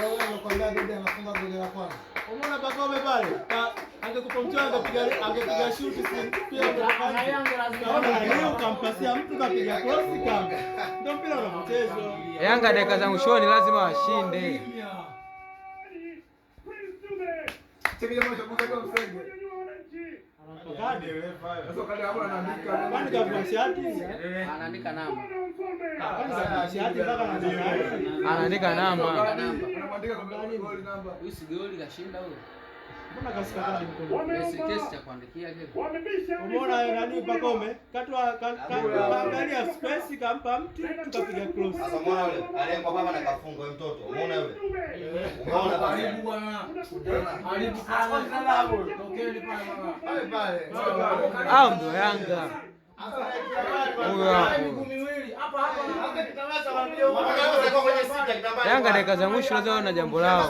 Wewe unakwambia anafunga goli la kwanza. Umeona pale? Angekupa angepiga angepiga shuti pia Yanga lazima. Leo kampasia mtu kapiga cross Ndio mpira Yanga dakika za mwishoni lazima washinde. Eh, ah, anaandika namba. Anaandika namba si goli kashinda huyo. kaangalia space kampa mti tukapiga cross. Sasa umeona yule aliyempa baba na kafunga yule mtoto. Umeona yule? Umeona basi. Karibu bwana. Karibu sana. Tokeni pale pale. Ah, ndio Yanga. Huyo hapo. Miguu miwili hapa hapa. Hata kitamasa wanapiga. Yanga dakika za mwisho lazima na jambo lao.